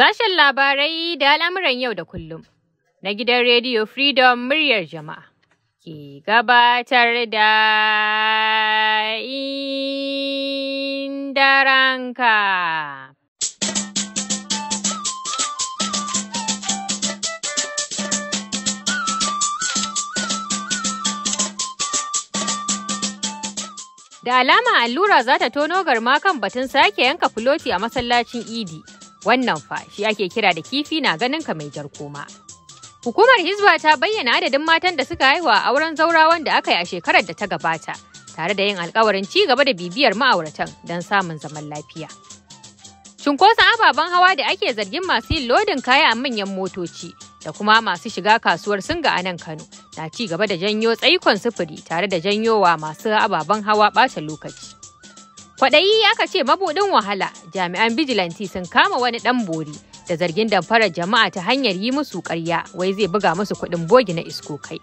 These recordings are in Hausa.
Sashen labarai da al'amuran yau da kullum na gidan Rediyo Freedom muryar jama'a ke gabatar da inda Da alama allura za ta tono garma kan batun sake yanka fuloti a masallacin Idi. Wannan fa shi ake kira da kifi na ganin ka mai jar koma. Hukumar Hizba ta bayyana adadin matan da suka haihu a auren zaurawan da aka yi a shekarar da ta gabata, tare da yin alkawarin ci gaba da bibiyar ma'auratan don samun zaman lafiya. Cunkoson ababen hawa da ake zargin masu yin lodin kaya a manyan motoci da kuma masu shiga kasuwar singa a nan Kano na ci gaba da janyo tsaikon sufuri tare da janyowa masu ababen hawa ɓata lokaci. Kwaɗayi aka ce mabuɗin wahala jami'an bijilanti sun kama wani ɗan bori da zargin damfarar jama'a ta hanyar yi musu ƙarya wai zai buga musu kuɗin bogi na isko kai?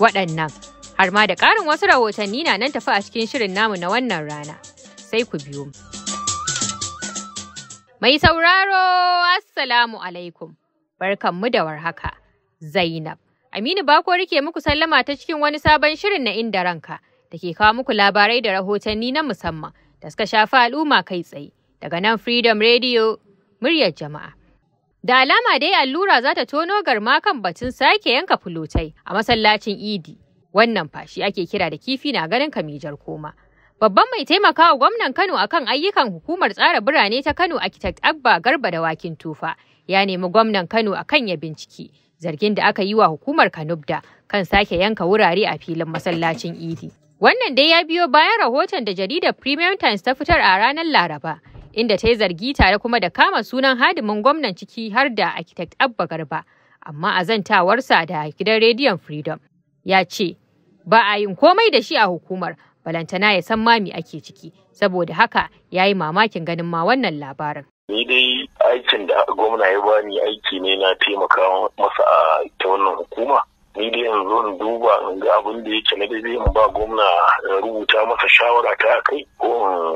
Waɗannan har ma da ƙarin wasu rahotanni na nan tafi a cikin shirin namu na wannan rana. Sai ku biyo Mai sauraro, Assalamu alaikum. Barkanmu da warhaka. Zainab. Aminu Bako rike muku sallama ta cikin wani sabon shirin na inda ranka da ke kawo muku labarai da rahotanni na musamman da suka shafi al'umma kai tsaye daga nan Freedom Radio muryar jama'a. Da alama dai allura za ta tono garma kan batun sake yanka fulotai a masallacin Idi. Wannan fashi ake kira da kifi na ganin kamijar koma. Babban mai taimakawa gwamnan Kano akan ayyukan hukumar tsara birane ta Kano Architect Abba Garba da Wakin Tufa ya nemi gwamnan Kano akan ya bincike zargin da aka yi wa hukumar Kanubda kan sake yanka wurare a filin masallacin Idi. Wannan dai ya biyo bayan rahoton da jaridar Premium Times ta fitar a ranar Laraba, inda ta yi zargi tare kuma da kama sunan hadimin gwamnan ciki har da architect Abba Garba, amma a zantawarsa da gidan rediyon Freedom. Ya ce, ba a yin komai da shi a hukumar, balantana ya san mami ake ciki, saboda haka ya yi mamakin ganin ma wannan labarin. Ni dai aikin da gwamna ya bani aiki ne na taimaka masa a ta wannan hukuma. ni dai yanzu in duba in ga abin da yake na daidai in ba gwamna rubuta masa shawara ta kai ko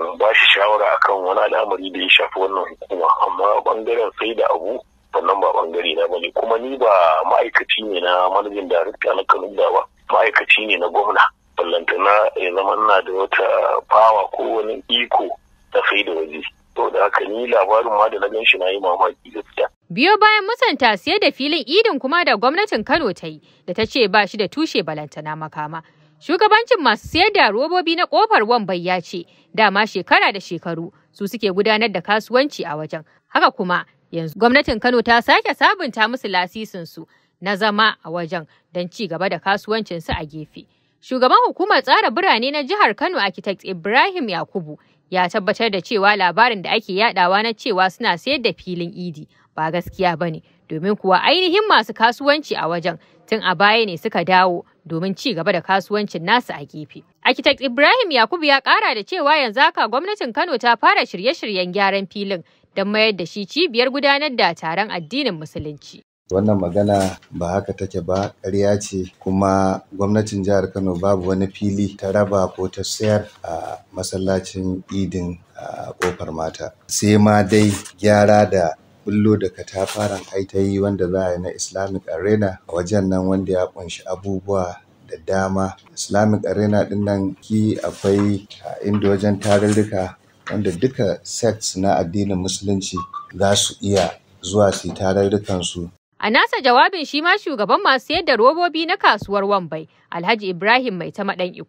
in ba shi shawara akan wani al'amari da ya shafi wannan hukuma amma bangaren sai da abu wannan ba bangare na bane kuma ni ba ma'aikaci ne na manajin darakta na da ba ma'aikaci ne na gwamna ballantana ya zama ina da wata fawa ko wani iko da sai da waje to da aka yi labarin ma da na gan shi na yi mamaki gaskiya. Biyo bayan musanta siye da filin idin kuma da gwamnatin Kano ta yi da ta ce ba shi da tushe balantana makama. Shugabancin masu siyar da robobi na kofar Wambai ya ce dama shekara da shekaru su suke gudanar da kasuwanci a wajen. Haka kuma yanzu gwamnatin Kano ta sake sabunta musu lasisin su na zama a wajen don ci gaba da kasuwancinsu a gefe. Shugaban hukumar tsara birane na jihar Kano Architect Ibrahim Yakubu ya tabbatar da cewa labarin da ake yadawa na cewa suna sayar da filin idi ba gaskiya ba ne domin kuwa ainihin masu kasuwanci a wajen tun a baya ne suka dawo domin ci gaba da kasuwancin nasu a gefe. Akitak Ibrahim Yakubu ya kara da cewa yanzu haka gwamnatin Kano ta fara shirye-shiryen gyaran filin don mayar da shi cibiyar gudanar da taron addinin Musulunci. wannan magana ba haka take ba ƙarya ce kuma gwamnatin jihar kano babu wani fili ta raba ko ta sayar a masallacin idin a kofar mata sai ma dai gyara da bullo da katafaren aitayi wanda za a yi na islamic arena a wajen nan wanda ya kunshi abubuwa da dama islamic arena din nan ki akwai a inda wajen tarurruka wanda duka sects na addinin musulunci za su iya zuwa su yi tarurrukansu A nasa jawabin shi ma shugaban masu sayar da robobi na kasuwar Wambai, Alhaji Ibrahim Mai ta maɗan Iku.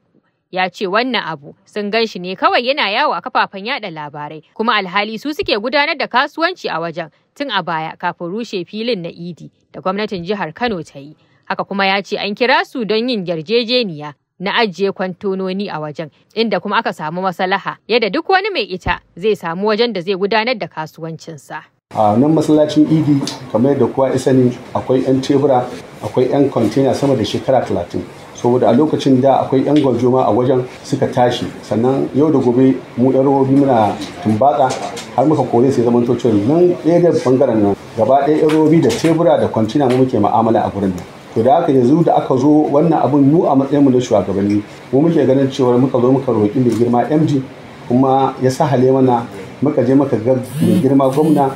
Ya ce wannan abu sun gan shi ne kawai yana yawo a kafafen yada labarai, kuma alhali su suke gudanar da kasuwanci a wajen tun a baya kafin rushe filin na Idi da gwamnatin jihar Kano ta yi. Haka kuma ya ce an kira su don yin yarjejeniya na ajiye kwantononi a wajen inda kuma aka samu masalaha yadda duk wani mai ita zai samu wajen da zai gudanar da kasuwancinsa. a nan masallacin idi kamar yadda kowa isa ne akwai 'yan tebura akwai 'yan kwantena sama da shekara talatin saboda a lokacin da akwai 'yan gwanjoma a wajen suka tashi sannan yau da gobe mu 'yan robobi muna tumbatsa har muka kore sai zaman tocin nan ɗaya da bangaren nan gaba ɗaya 'yan robobi da tebura da kwantena mu muke ma'amala a gurin nan to da haka yanzu da aka zo wannan abun mu a matsayin mu na shugabanni mu muke ganin cewa muka zo muka roƙi mai girma md kuma ya sa hale mana muka je maka ga girma gwamna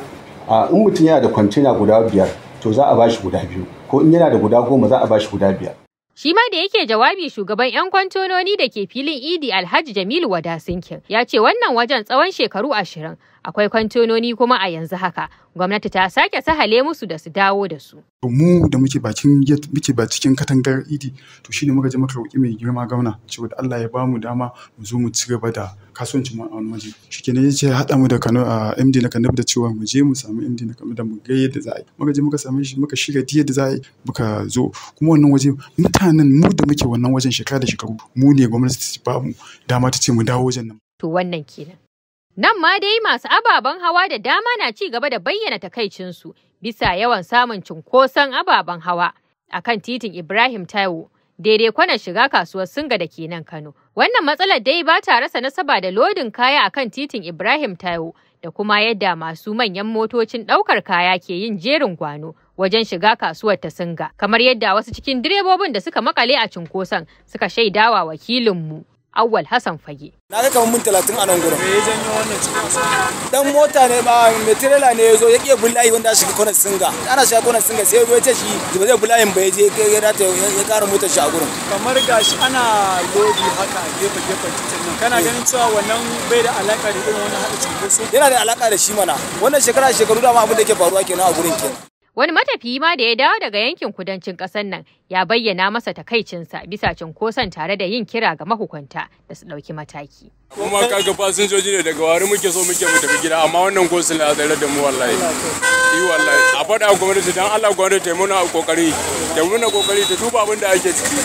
in mutum yana da kwantena guda biyar to za a bashi guda biyu ko in yana da guda goma za a bashi guda biyar Shi ma da yake jawabi shugaban 'yan kwantononi da ke filin Idi Alhaji Jamilu Wadasinkin ya ce wannan wajen tsawon shekaru ashirin akwai kwantononi kuma a yanzu haka gwamnati ta sake sahale musu da su dawo da su. mu da muke bakin muke ba cikin katangar idi e to shine muka je muka roƙi mai girma gwamna cewa da Allah ya ba mu dama mu zo mu ci gaba da kasuwanci mu a wani waje shikenan ya ce haɗa mu da Kano a MD na Kano da cewa mu je mu samu MD na Kano da mu ga yadda za a yi muka je muka same shi muka shirya yadda za a yi muka zo kuma wannan waje mutanen mu da muke wannan wajen shekara da shekaru mu ne gwamnati ta ba mu dama ta ce mu dawo wajen nan to wannan kenan Nan ma dai masu ababen hawa da dama na ci gaba da bayyana takaicinsu bisa yawan samun cunkoson ababen hawa a kan titin Ibrahim Taiwo daidai kwanan shiga kasuwar Singa da ke nan Kano. Wannan matsalar dai ba ta rasa nasaba da lodin kaya a kan titin Ibrahim Taiwo da kuma yadda masu manyan motocin ɗaukar kaya ke yin jerin gwano wajen shiga kasuwar ta Singa, kamar yadda wasu cikin direbobin da suka makale a cunkoson suka shaidawa wakilinmu. awal Hassan Fage. Na ga kamar mun talatin a nan gurin. Me ya janyo wannan cikin Dan mota ne ba mai ne ya zo ya kiya bulayi wanda ya shiga kwanan singa. Ana shiga kwanan singa sai ya ce shi ba zai bulayin ba ya je ya rata ya kara motar shi a gurin. Kamar gashi ana lodi haka gefe gefe cikin nan. Kana ganin eh. cewa wannan bai da alaka da irin wani haɗa cinkoso? Yana da alaka da shi mana. Wannan shekara shekaru ma abin da ke faruwa kenan a gurin kenan. Wani matafiyi ma da ya dawo daga yankin kudancin ƙasar nan ya bayyana masa takaicinsa bisa cunkoson tare da yin kira ga mahukunta da su ɗauki mataki. Kuma ka ga fasinjoji ne daga wari muke so muke mu tafi gida amma wannan ko sun tsare da mu wallahi. Yi wallahi a faɗa gwamnati dan Allah gwamnati ta yi muna kokari ta muna kokari ta duba abin da ake ciki.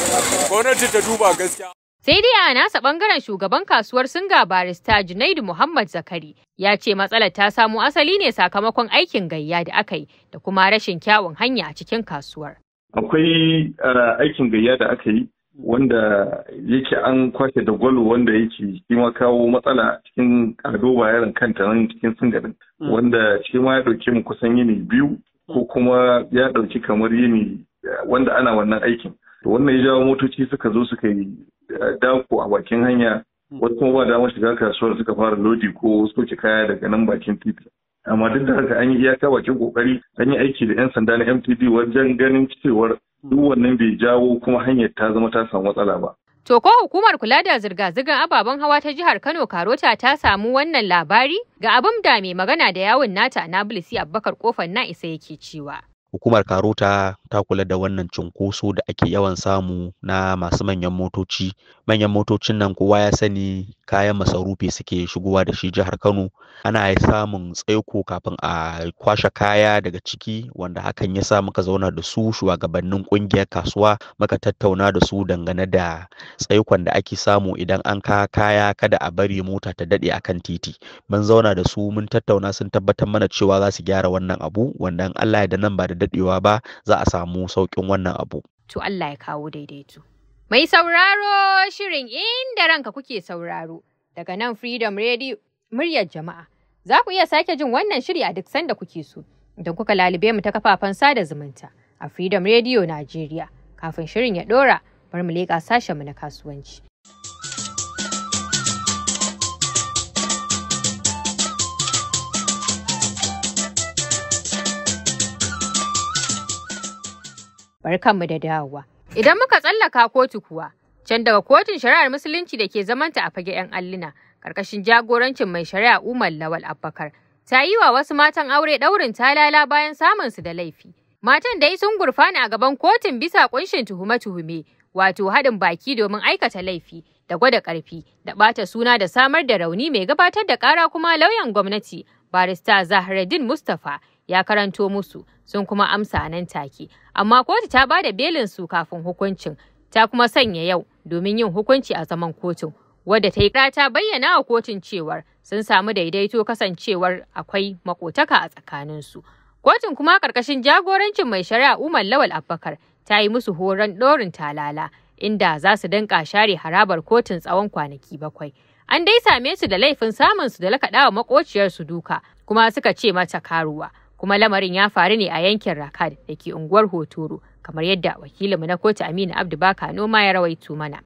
Gwamnati ta duba gaskiya. Sai dai a nasa bangaren shugaban kasuwar Singa barista Junaidu Muhammad Zakari ya ce matsalar ta samo asali ne sakamakon aikin gayya da aka yi da kuma rashin kyawun hanya a cikin kasuwar. Akwai eh, aikin gayya da aka yi wanda yake an kwashe da gwalo wanda yake shi ma kawo matsala cikin ado bayaran kanta nan cikin singarin mm. wanda shi ma ya ɗauki mu kusan yini biyu ko mm. kuma ya ɗauki kamar yini eh, wanda ana wannan aikin. wannan ya jawo motoci suka zo suka yi dako a bakin hanya hmm. wasu kuma ba damar shiga kasuwar suka fara lodi ko soke kaya daga nan bakin titi amma duk da haka an yi iyaka bakin kokari an yi aiki da yan sanda na mtd wajen ganin cewar duk hmm. wannan bai jawo kuma hanyar ta zama ta samu matsala ba To ko hukumar kula da zirga-zirgar ababen hawa ta jihar Kano Karota ta samu wannan labari ga abin da mai magana da yawun nata bilisi Abubakar Kofar na isa yake cewa. Hukumar Karota ta kula da wannan cunkoso da ake yawan samu na masu manyan motoci manyan motocin nan kowa ya sani kayan masarufi suke shigowa da shi jihar kano ana samun tsaiko kafin a kwashe kaya daga ciki wanda hakan ya sa muka zauna da su shugabannin kungiyar kasuwa muka tattauna da su dangane da tsaikon da ake samu idan an ka kaya kada a bari mota ta daɗe akan titi mun zauna da su mun tattauna sun tabbatar mana cewa za su gyara wannan abu wanda Allah ya da nan ba da daɗewa ba za a samu sauƙin wannan abu. To Allah ya kawo daidaito. Mai sauraro shirin inda ranka kuke sauraro daga nan Freedom Radio muryar jama'a. Za ku iya sake jin wannan shiri a duk sanda kuke so idan kuka lalube mu ta kafafen sada zumunta a Freedom Radio Najeriya kafin shirin ya ɗora bar mu leƙa sashenmu na kasuwanci. barkanmu da dawowa. Idan muka tsallaka kotu kuwa, can daga kotun shari'ar musulunci da ke zamanta a fage 'yan alluna, ƙarƙashin jagorancin mai shari'a Umar Lawal Abbakar, ta yi wa wasu matan aure ɗaurin talala bayan samun su da laifi. Matan dai sun gurfana a gaban kotun bisa ƙunshin tuhume-tuhume, wato haɗin baki domin aikata laifi da gwada ƙarfi da ɓata suna da samar da rauni mai gabatar da ƙara kuma lauyan gwamnati barista zahradin Mustapha ya karanto musu sun kuma amsa nan take amma kotu ta ba da belin su kafin hukuncin ta kuma sanya yau domin yin hukunci a zaman kotun wadda ta yi ta bayyana a kotun cewar sun samu daidaito kasancewar akwai makotaka a tsakaninsu kotun kuma ƙarƙashin jagorancin mai shari'a umar lawal abubakar ta yi musu horon ɗorin talala inda za su danƙa share harabar kotun tsawon kwanaki bakwai an dai same su da laifin samun su da lakaɗawa makociyarsu duka kuma suka ce mata karuwa kuma lamarin ya faru ne a yankin Rakad da ke unguwar Hotoro kamar yadda wakilinmu na kotu Aminu Abdu noma ya rawaito mana.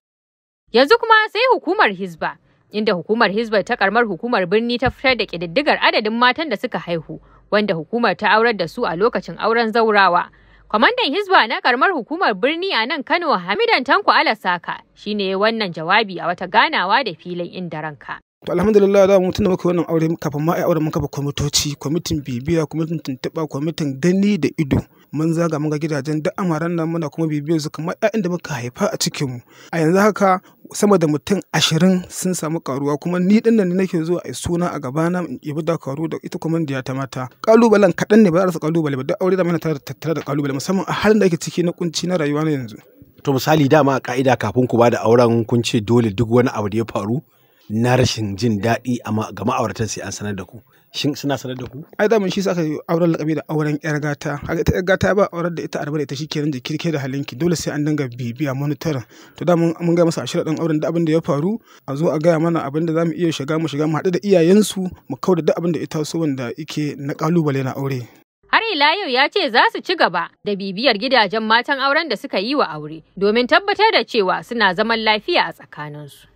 Yanzu kuma sai hukumar Hizba inda hukumar Hizba ta karmar hukumar birni ta fitar da ƙididdigar adadin matan da suka haihu wanda hukumar ta aurar da su a lokacin auren zaurawa. Kwamandan Hizba na karmar hukumar birni a nan Kano Hamidan Tanko Alasaka shine wannan jawabi a wata ganawa da filin inda ranka. to alhamdulillah da mu tunda muka wannan aure kafin ma ai aure mun kafa kwamitoci kwamitin bibiya kwamitin tuntuɓa kwamitin gani da ido mun zaga mun ga gidajen duk amaran nan muna kuma bibiyar su kamar ƴaƴan da muka haifa a cikin mu a yanzu haka sama da mutum ashirin sun samu karuwa kuma ni din nan nake zuwa a suna a gabana in ibi da karu da ita kuma ta mata kalubalen kaɗan ne ba za su kalubale ba duk aure da mana tattare da kalubale musamman a halin da ake ciki na kunci na rayuwa na yanzu to misali dama a ka'ida kafin ku ba da auren kun ce dole duk wani abu da ya faru na rashin jin daɗi ga ma'auratan sai an sanar da ku shin suna sanar da ku ai da mun shi saka auren lakabi da auren yar gata haka ta yar gata ba auren da ita arba da ita shi da kirke da halinki dole sai an dinga bibiya monitor to da mun mun ga masa ashirin din auren da abin da ya faru a zo a gaya mana abin da zamu iya shiga mu shiga mu haɗu da iyayensu mu kauda duk abin da ita so wanda yake na kalubale na aure har ila yau ya ce za su ci gaba da bibiyar gidajen matan auren da suka yi wa aure domin tabbatar da cewa suna zaman lafiya a tsakaninsu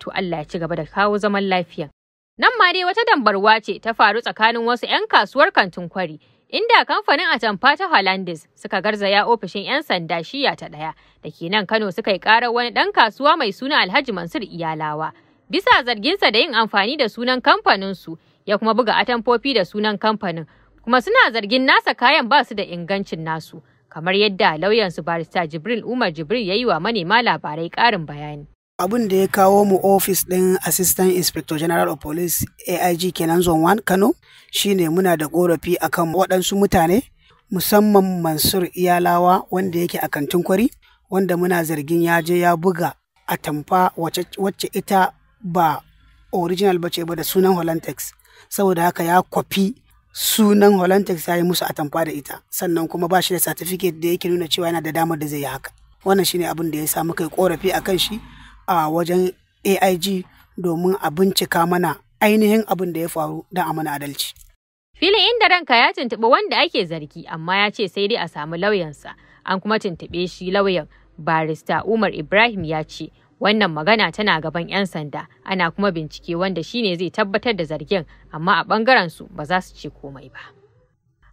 to Allah ya ci gaba da kawo zaman lafiya. Nan ma dai wata dambarwa ce ta faru tsakanin wasu 'yan kasuwar kantin kwari, inda kamfanin atamfa ta Hollandis suka garzaya ofishin 'yan sanda shiya ta ɗaya da ke nan Kano suka yi ƙarar wani ɗan kasuwa mai suna Alhaji Mansur Iyalawa. Bisa zarginsa da yin amfani da sunan kamfaninsu ya kuma buga atamfofi da sunan kamfanin, kuma suna zargin nasa kayan ba su da ingancin nasu. kamar yadda lauyansu barista Jibril Umar Jibril ya yi wa manema labarai ƙarin bayani. abin da ya kawo mu ofis ɗin assistant inspector general of police aig kenan zone 1 kano shine muna da korafi akan waɗansu mutane musamman mansur iyalawa wanda yake a kantin kwari wanda muna zargin ya je ya buga a tamfa wacce ita ba original ba ce ba da sunan holantex saboda haka ya kwafi sunan holantex ya yi musu a da ita sannan kuma ba shi da certificate da yake nuna cewa yana da damar da zai yi haka wannan shine abin da ya sa muka yi korafi akan shi a wajen aig domin a bincika mana ainihin abin da ya faru don a mana adalci filin inda ranka ya tuntuɓi wanda ake zargi amma ya ce sai dai a samu lauyansa an kuma tuntuɓe shi lauyan barista umar ibrahim ya ce wannan magana tana gaban 'yan sanda ana kuma bincike wanda shi ne zai tabbatar da zargin amma a ɓangaren su ba za su ce komai ba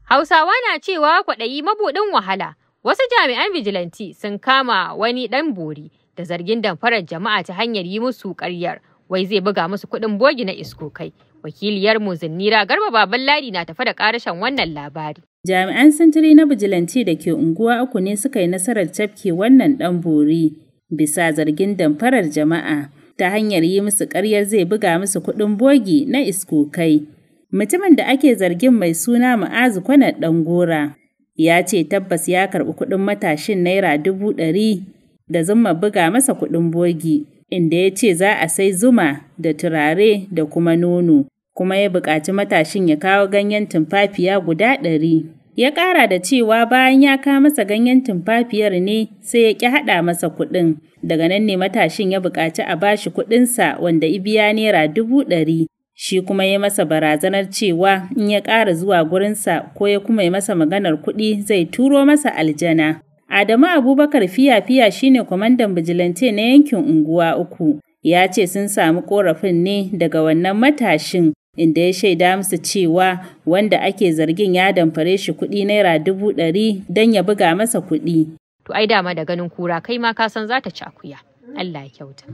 hausawa na cewa kwaɗayi mabuɗin wahala wasu jami'an vigilanti sun kama wani ɗan bori da zargin damfarar jama'a ta hanyar yi musu karyar wai zai buga musu kuɗin bogi na iskokai. Wakiliyar mu Zinnira Garba Baban Ladi na tafa da ƙarashen wannan labari. Jami'an sintiri na bijilanci da ke unguwa uku ne suka yi nasarar cafke wannan ɗan bori bisa zargin damfarar jama'a ta hanyar yi musu karyar zai buga musu kuɗin bogi na kai. Mutumin da ake zargin mai suna Ma'azu Kwanar Ɗangora ya ce tabbas ya karɓi kuɗin matashin naira dubu ɗari da zuma buga masa kuɗin bogi, inda ya ce za a sai zuma da turare da kuma nono, kuma ya buƙaci matashin ya kawo ganyen tumfafiya guda ɗari. Ya ƙara da cewa bayan ya kawo masa ganyen tumfafiyar ne sai ya ƙi haɗa masa kuɗin. Daga nan ne matashin ya buƙaci a bashi kuɗinsa wanda ibiya naira dubu ɗari. shi kuma ya masa barazanar cewa in ya ƙara zuwa gurinsa ko ya kuma ya masa maganar kuɗi zai turo masa aljana. Adamu Abubakar Fiya-Fiya shine kwamandan bijilante na yankin Unguwa Uku, ya ce sun samu korafin ne daga wannan matashin inda ya shaida musu cewa wanda ake zargin ya damfare shi kuɗi naira dubu ɗari don ya buga masa kuɗi. To ai dama da ganin kura kai ma ka san za ta cakuya. Allah ya kyauta.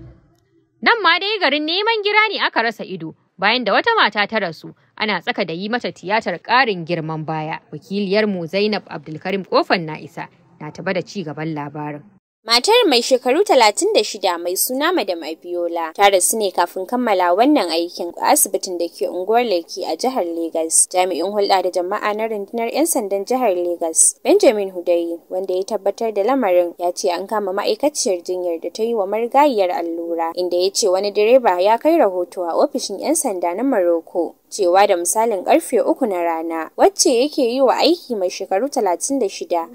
Nan ma dai garin neman gira ne aka rasa ido bayan da wata mata ta rasu ana tsaka da yi mata tiyatar ƙarin girman baya wakiliyarmu Zainab Abdulkarim Kofan na isa na taba da ci gaban labarin. Matar mai shekaru 36 mai suna Madam Abiola ta rasu ne kafin kammala wannan aikin a asibitin da ke unguwar Lekki a jihar Legas. Jami'in hulɗa da jama'a na rundunar 'yan sandan jihar Legas, Benjamin Hudayi, wanda ya tabbatar da lamarin, ya ce an kama ma'aikaciyar jinyar da ta yi wa marigayiyar allura, inda ya ce wani direba ya kai rahoto a ofishin 'yan sanda na Maroko. cewa da misalin karfe uku na rana wacce yake yi wa aiki mai shekaru talatin da shida?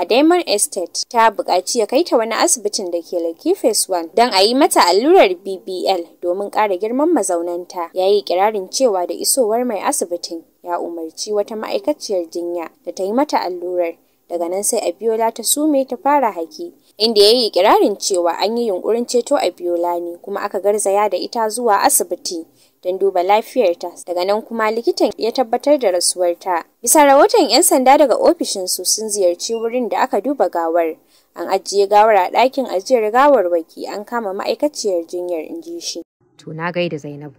a Diamond Estate ta buƙaci ya kaita wani asibitin da ke Lekki Phase 1 don a yi mata allurar BBL domin ƙara girman mazaunanta. Ya yi kirarin cewa da isowar mai asibitin ya umarci wata ma'aikaciyar jinya da ta yi mata allurar. Daga nan sai Abiola ta sume ta fara haki, inda ya yi kirarin cewa an yi yunƙurin ceto Abiola ne kuma aka garzaya da ita zuwa asibiti. don duba lafiyarta daga nan kuma likitan ya tabbatar da rasuwarta bisa rahoton 'yan sanda daga ofishin su sun ziyarci wurin da aka duba gawar an ajiye gawar a ɗakin ajiyar gawar waki, an kama ma'aikaciyar jinyar inji shi to na gaida zainabu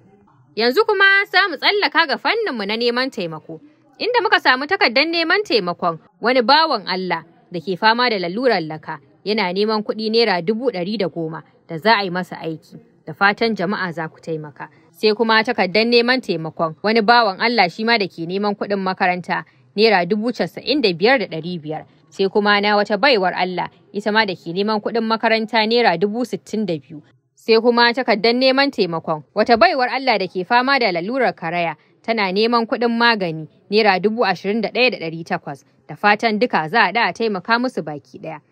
yanzu kuma za mu tsallaka ga fanninmu na neman taimako inda muka samu takardar neman taimakon wani bawan Allah da ke fama da lalurar laka yana neman kuɗi naira dubu ɗari da goma da za a yi masa aiki da fatan jama'a za ku taimaka sai kuma takardar neman taimakon wani bawan Allah shi ma da ke neman kuɗin makaranta naira dubu casa'in da biyar da ɗari biyar sai kuma na wata baiwar Allah ita ma da ke neman kuɗin makaranta naira dubu sittin da biyu sai kuma takardar neman taimakon wata baiwar Allah da ke fama da lalurar karaya tana neman kuɗin magani naira dubu ashirin da ɗaya da ɗari takwas da fatan duka za a da taimaka musu baki ɗaya.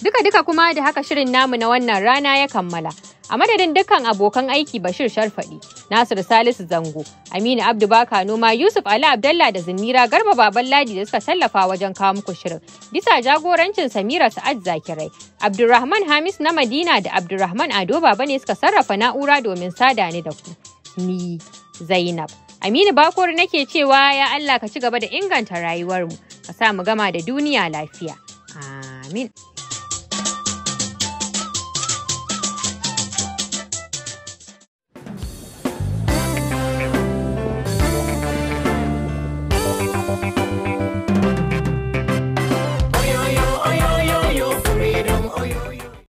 Duka-duka kuma da haka shirin namu na wannan rana ya kammala. A madadin dukkan abokan aiki Bashir Sharfaɗi, Nasiru, Salisu Zango, Aminu Abdu Baka Noma, Yusuf Ali Abdallah da Zinnira Garba Baban Ladi da suka tallafa wajen kawo muku shirin. Bisa jagorancin Samira Sa'ad Zakirai, Abdulrahman Hamis na Madina da Abdulrahman Ado Baba ne suka sarrafa na'ura domin sada ni da ku. Ni Zainab. Aminu Bakor nake cewa ya Allah ka ci gaba da inganta rayuwarmu, ka sa mu gama da duniya lafiya. Amin.